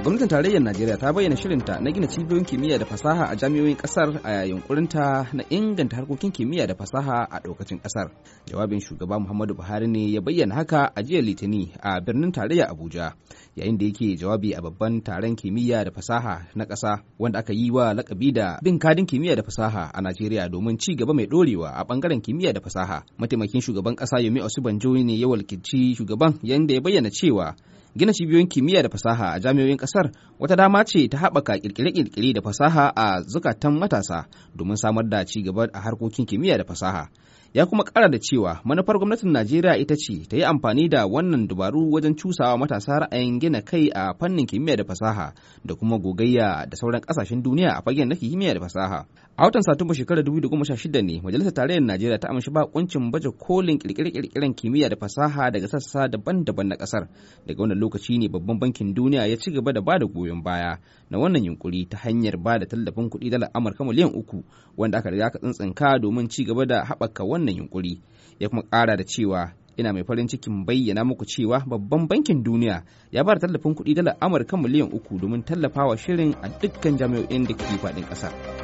gwamnatin tarayyar najeriya ta bayyana shirinta na gina cibiyoyin kimiyya da fasaha a jami'oyin kasar a yunkurinta na inganta harkokin kimiyya da fasaha a ɗaukacin kasar jawabin shugaba muhammadu buhari ne ya bayyana haka a jiya litini a birnin tarayya abuja yayin da yake jawabi a babban taron kimiyya da fasaha na ƙasa wanda aka yi wa lakabi da bin kadin kimiyya da fasaha a najeriya domin ci gaba mai dorewa a bangaren kimiyya da fasaha mataimakin shugaban ƙasa yomi osibanjo ne ya walkici shugaban yayin da ya bayyana cewa gina cibiyoyin kimiyya da fasaha a jami'oyin kasar wata dama ce ta haɓaka kirkire-kirkire da fasaha a zukatan matasa domin samar da ci gaba a harkokin kimiyya da fasaha ya kuma kara da cewa manufar gwamnatin najeriya ita ce ta yi amfani da wannan dubaru wajen cusawa matasa ra'ayin gina kai a fannin kimiyya da fasaha da kuma gogayya da sauran kasashen duniya a fagen na kimiyya da fasaha a watan satumba shekarar 2016 ne majalisar tarayyar najeriya ta amshi bakuncin baje kolin kirkire-kirkiren kimiyya da fasaha daga sassa daban-daban na kasar daga wannan lokaci ne babban bankin duniya ya ci gaba da bada goyon baya na wannan yunkuri ta hanyar bada tallafin kuɗi dalar amurka miliyan uku wanda aka riga aka tsintsinka domin ci gaba da haɓaka wannan yunkuri ya kuma ƙara da cewa ina mai farin cikin bayyana muku cewa babban bankin duniya ya ba tallafin kuɗi dalar amurka miliyan uku domin tallafawa shirin a dukkan jami'o'in da ke faɗin ƙasa.